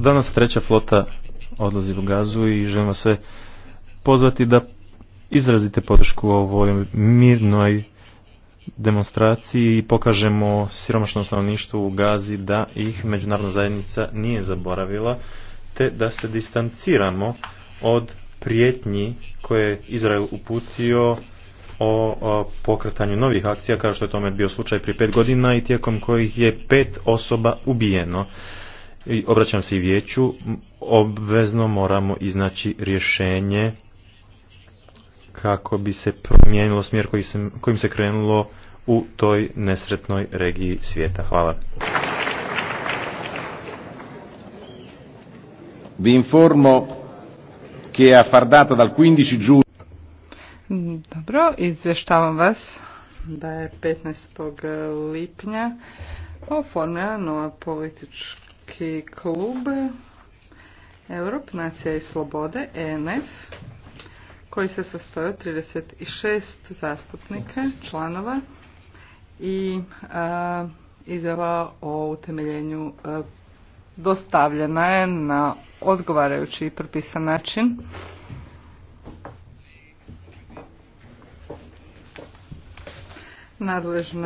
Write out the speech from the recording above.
Danas treća flota odlazi u Gazu i želim vas sve pozvati da izrazite podršku ovoj mirnoj demonstraciji i pokažemo siromašnom stanovništvu u Gazi da ih međunarodna zajednica nije zaboravila te da se distanciramo od prijetnji koje je Izrael uputio o, o pokretanju novih akcija kao što je tome bio slučaj prije pet godina i tijekom kojih je pet osoba ubijeno i obraćam se i vijeću, obvezno moramo iznaći rješenje kako bi se promijenilo smjer koji se, kojim se krenulo u toj nesretnoj regiji svijeta. Hvala. Vi informo che a far dal 15 Dobro, izvještavam vas da je 15. lipnja oformljena nova politička Europski klub Europ, Nacija i Slobode, ENF, koji se sastoji od 36 zastupnika, članova i izjava o utemeljenju dostavljena je na odgovarajući i propisan način. Nadležna